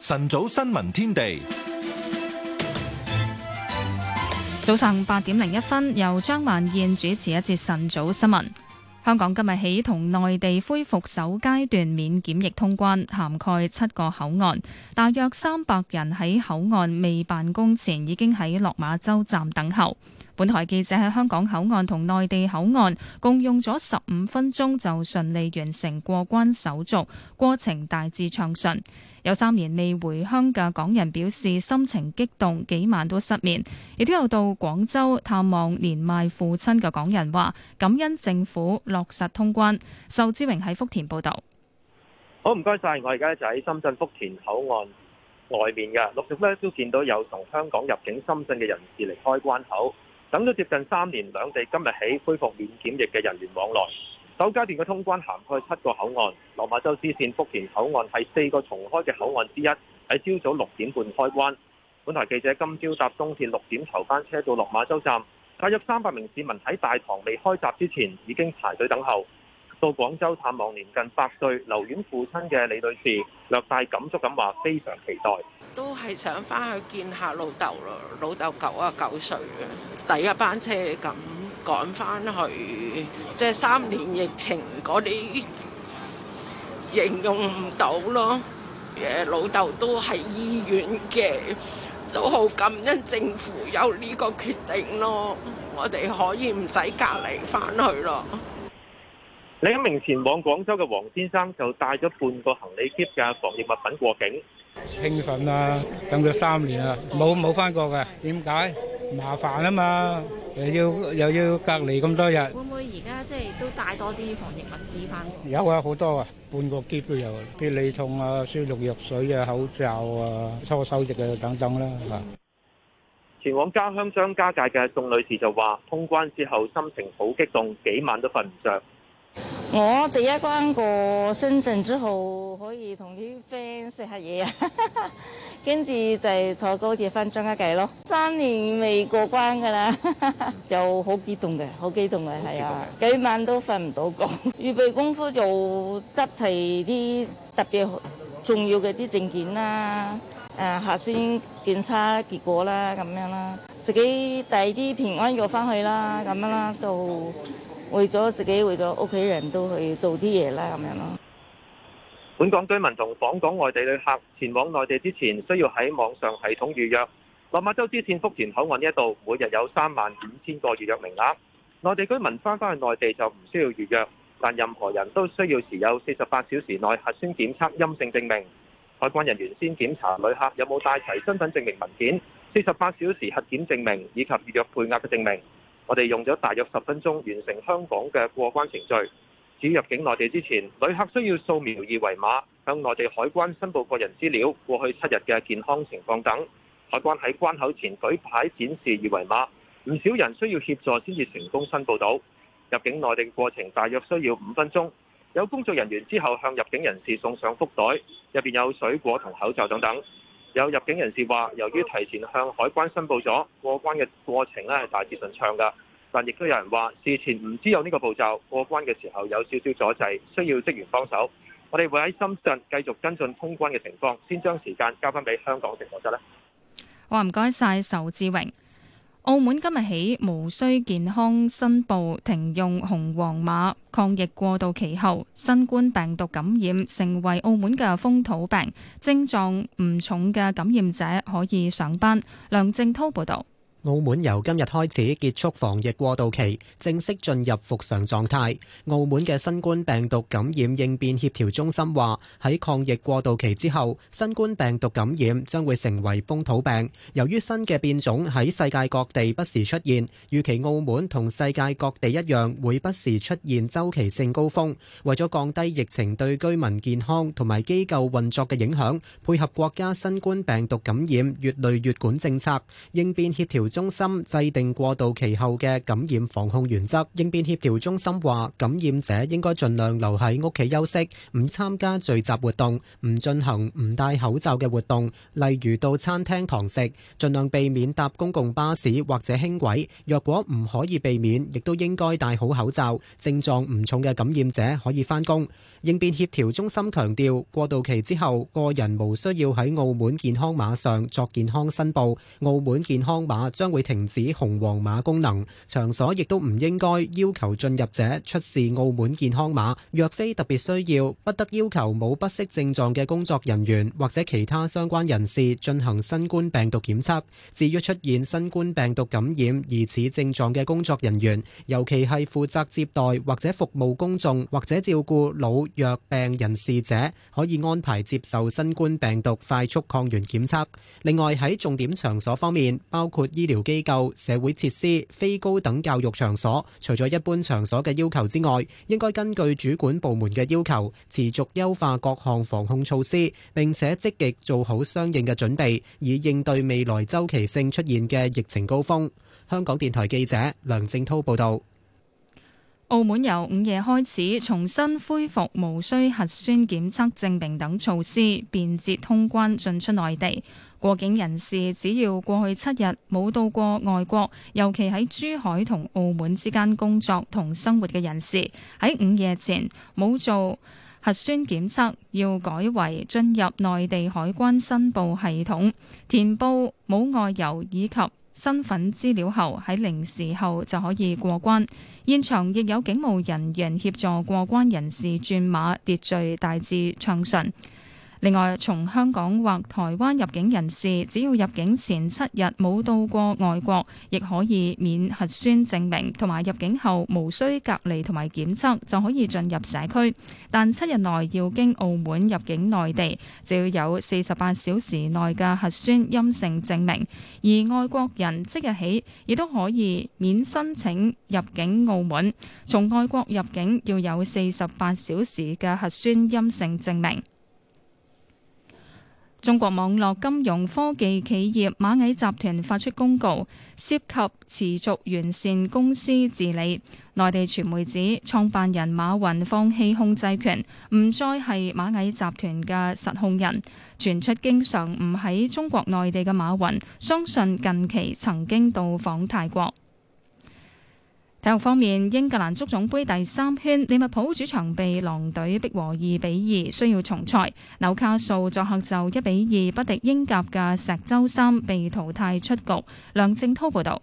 晨早新聞天地，早上八點零一分，由張萬燕主持一節晨早新聞。香港今日起同內地恢復首階段免檢疫通關，涵蓋七個口岸，大約三百人喺口岸未辦公前已經喺落馬洲站等候。本台記者喺香港口岸同內地口岸共用咗十五分鐘就順利完成過關手續，過程大致暢順。有三年未回鄉嘅港人表示心情激動，幾晚都失眠。亦都有到廣州探望年邁父親嘅港人話，感恩政府落實通關。壽之榮喺福田報道。好，唔該晒。我而家就喺深圳福田口岸外面嘅，陸續咧都見到有從香港入境深圳嘅人士離開關口。等咗接近三年，兩地今日起恢復免檢疫嘅人員往來。首階段嘅通關涵蓋七個口岸，落馬洲支線福田口岸係四個重開嘅口岸之一，喺朝早六點半開關。本台記者今朝搭東鐵六點頭班車到落馬洲站，大約三百名市民喺大堂未開閘之前已經排隊等候。到廣州探望年近百歲留院父親嘅李女士，略帶感觸咁話：非常期待，都係想翻去見下老豆咯。老豆九啊九歲啊，第一班車咁趕翻去，即係三年疫情嗰啲形容唔到咯。誒，老豆都喺醫院嘅，都好感恩政府有呢個決定咯。我哋可以唔使隔離翻去咯。另一名前往廣州嘅王先生就帶咗半個行李篋嘅防疫物品過境，興奮啦！等咗三年啦，冇冇翻過嘅點解？麻煩啊嘛，又要又要隔離咁多日。會唔會而家即係都帶多啲防疫物品翻？有啊，好多啊，半個篋都有，必理痛啊、消毒藥水啊、口罩啊、搓手液啊等等啦嚇。前往家鄉張家界嘅宋女士就話：通關之後心情好激動，幾晚都瞓唔著。我第一關過深圳之後，可以同啲 friend 食下嘢啊，跟 住就係坐高鐵翻張家界咯。三年未過關噶啦。 就好激動嘅，好激動嘅，係啊，幾晚都瞓唔到覺。預 備功夫就執齊啲特別重要嘅啲證件啦，誒、啊，核酸檢測結果啦，咁樣啦，自己帶啲平安藥翻去啦，咁樣啦，就。為咗自己，為咗屋企人都去做啲嘢啦，咁樣咯。本港居民同訪港外地旅客前往內地之前，需要喺網上系統預約。落馬洲支綫福田口岸呢一度，每日有三萬五千個預約名額。內地居民翻返去內地就唔需要預約，但任何人都需要持有四十八小時內核酸檢測陰性證明。海關人員先檢查旅客有冇帶齊身份證明文件、四十八小時核檢證明以及預約配額嘅證明。我哋用咗大約十分鐘完成香港嘅過關程序。至於入境內地之前，旅客需要掃描二維碼，向內地海關申報個人資料、過去七日嘅健康情況等。海關喺關口前舉牌展示二維碼，唔少人需要協助先至成功申報到。入境內地過程大約需要五分鐘。有工作人員之後向入境人士送上福袋，入邊有水果同口罩等等。有入境人士話，由於提前向海關申報咗，過關嘅過程咧係大致順暢噶。但亦都有人話，事前唔知有呢個步驟，過關嘅時候有少少阻滯，需要職員幫手。我哋會喺深圳繼續跟進通關嘅情況，先將時間交翻俾香港直播室咧。好、哦，唔該晒，仇志榮。澳門今日起無需健康申報，停用紅黃碼，抗疫過渡期後，新冠病毒感染成為澳門嘅風土病，症狀唔重嘅感染者可以上班。梁正濤報道。澳門由今日開始結束防疫過渡期，正式進入復常狀態。澳門嘅新冠病毒感染應變協調中心話，喺抗疫過渡期之後，新冠病毒感染將會成為風土病。由於新嘅變種喺世界各地不時出現，預期澳門同世界各地一樣會不時出現週期性高峰。為咗降低疫情對居民健康同埋機構運作嘅影響，配合國家新冠病毒感染乙類乙管政策，應變協調中心制定過渡期後嘅感染防控原則。應變協調中心話，感染者應該盡量留喺屋企休息，唔參加聚集活動，唔進行唔戴口罩嘅活動，例如到餐廳堂食，盡量避免搭公共巴士或者輕軌。若果唔可以避免，亦都應該戴好口罩。症狀唔重嘅感染者可以返工。應變協調中心強調，過渡期之後，個人無需要喺澳門健康碼上作健康申報。澳門健康碼。將會停止紅黃碼功能，場所亦都唔應該要求進入者出示澳門健康碼。若非特別需要，不得要求冇不適症狀嘅工作人員或者其他相關人士進行新冠病毒檢測。至於出現新冠病毒感染疑似症狀嘅工作人員，尤其係負責接待或者服務公眾或者照顧老弱病人士者，可以安排接受新冠病毒快速抗原檢測。另外喺重點場所方面，包括醫醫療機構、社會設施、非高等教育場所，除咗一般場所嘅要求之外，應該根據主管部門嘅要求，持續優化各項防控措施，並且積極做好相應嘅準備，以應對未來周期性出現嘅疫情高峰。香港電台記者梁正濤報道。澳門由午夜開始，重新恢復無需核酸檢測證明等措施，便捷通關進出內地。過境人士只要過去七日冇到過外國，尤其喺珠海同澳門之間工作同生活嘅人士，喺午夜前冇做核酸檢測，要改為進入內地海關申報系統填報冇外遊以及身份資料後，喺零時後就可以過關。現場亦有警務人員協助過關人士轉碼，秩序大致暢順。另外，從香港或台灣入境人士，只要入境前七日冇到過外國，亦可以免核酸證明，同埋入境後無需隔離同埋檢測就可以進入社區。但七日內要經澳門入境內地，就要有四十八小時內嘅核酸陰性證明。而外國人即日起亦都可以免申請入境澳門，從外國入境要有四十八小時嘅核酸陰性證明。中國網絡金融科技企業螞蟻集團發出公告，涉及持續完善公司治理。內地傳媒指創辦人馬雲放棄控制權，唔再係螞蟻集團嘅實控人。傳出經常唔喺中國內地嘅馬雲，相信近期曾經到訪泰國。體育方面，英格蘭足總杯第三圈，利物浦主場被狼隊逼和二比二，需要重賽；紐卡素作客就一比二不敵英甲嘅謝周三，被淘汰出局。梁正濤報道。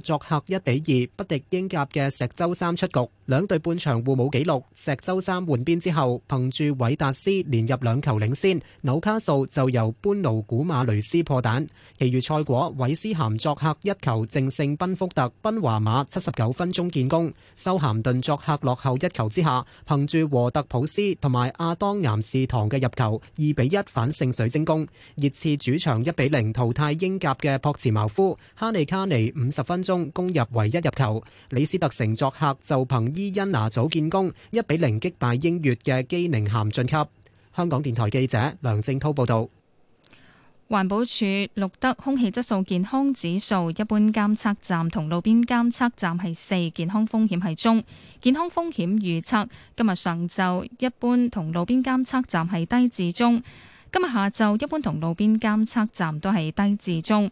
作客一比二不敵英甲嘅錫周三出局，兩隊半場互冇紀錄。錫周三換邊之後，憑住韋達斯連入兩球領先，紐卡素就由班奴古馬雷斯破蛋。其餘賽果，韋斯咸作客一球淨勝賓福特，賓華馬七十九分鐘建功。修咸頓作客落後一球之下，憑住和特普斯同埋阿當岩士堂嘅入球，二比一反勝水晶宮。熱刺主場一比零淘汰英甲嘅樸茨茅夫，哈利卡尼五十分中攻入唯一入球，李斯特城作客就憑伊恩拿祖建功，一比零擊敗英乙嘅基寧咸晉級。香港電台記者梁正濤報道。環保署錄得空氣質素健康指數，一般監測站同路邊監測站係四，健康風險係中，健康風險預測，今日上晝一般同路邊監測站係低至中，今日下晝一般同路邊監測站都係低至中。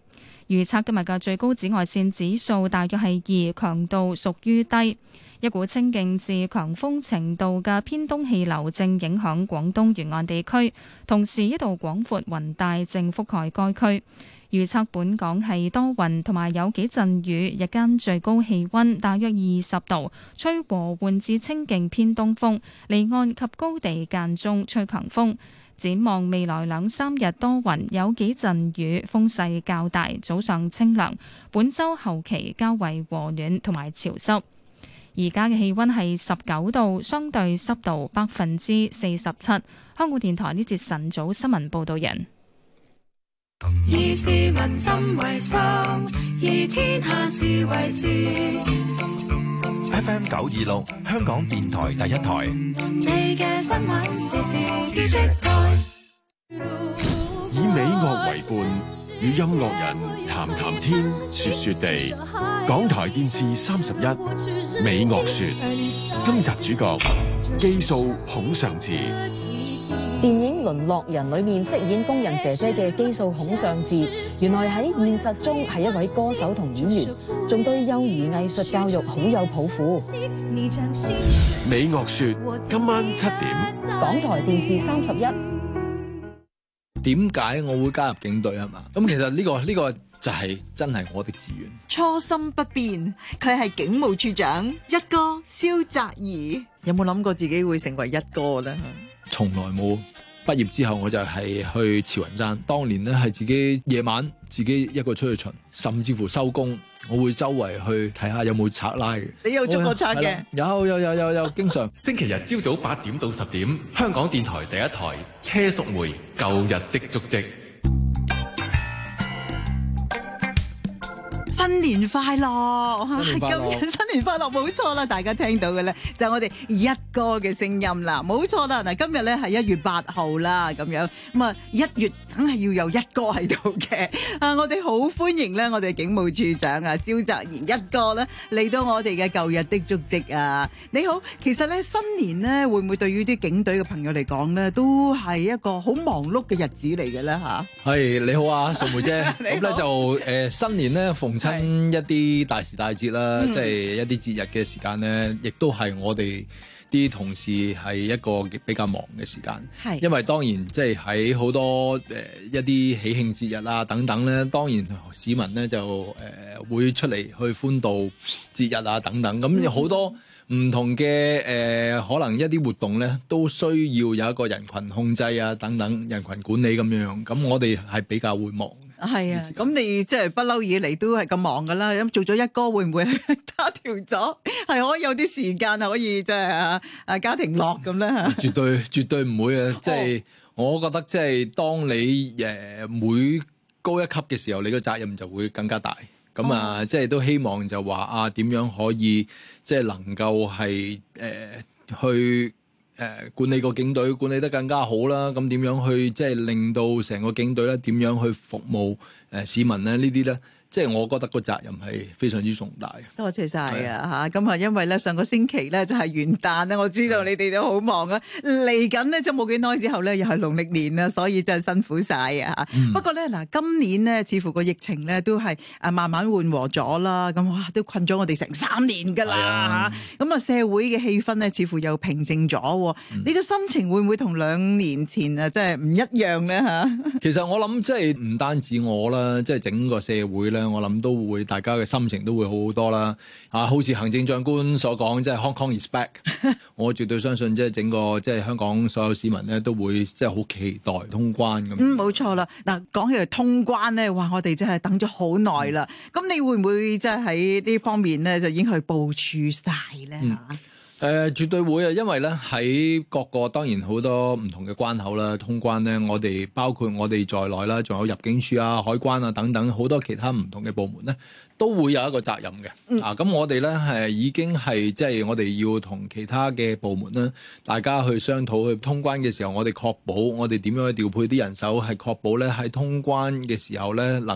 預測今日嘅最高紫外線指數大約係二，強度屬於低。一股清勁至強風程度嘅偏東氣流正影響廣東沿岸地區，同時一道廣闊雲帶正覆蓋該區。預測本港係多雲同埋有幾陣雨，日間最高氣温大約二十度，吹和緩至清勁偏東風，離岸及高地間中吹強風。展望未來兩三日多雲，有幾陣雨，風勢較大。早上清涼，本週後期較為和暖同埋潮濕。而家嘅氣温係十九度，相對濕度百分之四十七。香港電台呢節晨早新聞報道：「人。以市民心為心，以天下事為事。」FM 九二六，香港電台第一台。時時一台以美樂為伴，與音樂人談談天，說說地。港台電視三十一，美樂說。今集主角計數孔尚志。電影。《淪落人》裏面飾演工人姐姐嘅基數孔尚志，原來喺現實中係一位歌手同演員，仲對幼兒藝術教育好有抱負。美樂說今晚七點，港台電視三十一。點解我會加入警隊係嘛？咁其實呢、呢個呢、呢個就係、是、真係我的志願，初心不變。佢係警務處長一哥蕭澤怡，有冇諗過自己會成為一哥呢？從來冇。畢業之後我就係去慈雲山，當年咧係自己夜晚自己一個出去巡，甚至乎收工，我會周圍去睇下有冇賊拉嘅。你有中過賊嘅？有有有有有，經常。 星期日朝早八點到十點，香港電台第一台車淑梅《舊日的足跡》。新年快樂！ 今日新年快樂，冇 錯啦，大家聽到嘅咧，就係、我哋一。歌嘅聲音啦，冇錯啦。嗱，今日咧係一月八號啦，咁樣咁啊，一月梗係要有一哥喺度嘅。啊，我哋好歡迎咧，我哋警務處長啊，蕭澤頤一哥咧嚟到我哋嘅舊日的足迹啊。你好，其實咧新年咧會唔會對於啲警隊嘅朋友嚟講咧，都係一個好忙碌嘅日子嚟嘅咧吓？係你好啊，素梅姐。咁咧就誒，新年咧逢親一啲大時大節啦，即係一啲節日嘅時間咧，亦都係我哋。啲同事係一個比較忙嘅時間，係是因為當然即係喺好多誒、呃、一啲喜慶節日啊等等咧，當然市民咧就誒、呃、會出嚟去歡度節日啊等等，咁有好多唔同嘅誒、呃、可能一啲活動咧都需要有一個人群控制啊等等，人群管理咁樣，咁我哋係比較會忙。係啊，咁你即係不嬲以嚟,都係咁忙噶啦，咁做咗一哥會唔會打調咗，係可以有啲時間可以即係啊？啊，家庭樂咁咧吓？絕對絕對唔會啊！即係我覺得即係當你誒每高一級嘅時候，你嘅責任就會更加大。咁啊，即係都希望就話啊，點樣可以即係能夠係誒去。誒、呃、管理個警隊管理得更加好啦，咁、嗯、點樣去即係令到成個警隊咧點樣去服務誒、呃、市民咧？呢啲咧。即係我覺得個責任係非常之重大。多謝晒啊嚇！咁啊，因為咧上個星期咧就係元旦咧，我知道你哋都好忙啊。嚟緊呢，就冇幾耐之後咧又係農曆年啦，所以真係辛苦晒啊！不過咧嗱，今年咧似乎個疫情咧都係啊慢慢緩和咗啦。咁哇都困咗我哋成三年㗎啦嚇！咁啊社會嘅氣氛咧似乎又平靜咗。你個心情會唔會同兩年前啊真係唔一樣咧嚇？其實我諗即係唔單止我啦，即係整個社會我諗都會大家嘅心情都會好好多啦。啊，好似行政長官所講，即係 Hong Kong is back， 我絕對相信即係整個即係香港所有市民咧都會即係好期待通關咁。嗯，冇錯啦。嗱、啊，講起嚟通關咧，哇，我哋真係等咗好耐啦。咁你會唔會即係喺呢方面咧就已經去部署晒咧嚇？嗯誒、呃，絕對會啊！因為咧喺各個當然好多唔同嘅關口啦，通關咧，我哋包括我哋在內啦，仲有入境處啊、海關啊等等，好多其他唔同嘅部門咧，都會有一個責任嘅、嗯、啊。咁我哋咧係已經係即係我哋要同其他嘅部門咧，大家去商討去通關嘅時候，我哋確保我哋點樣去調配啲人手，係確保咧喺通關嘅時候咧能。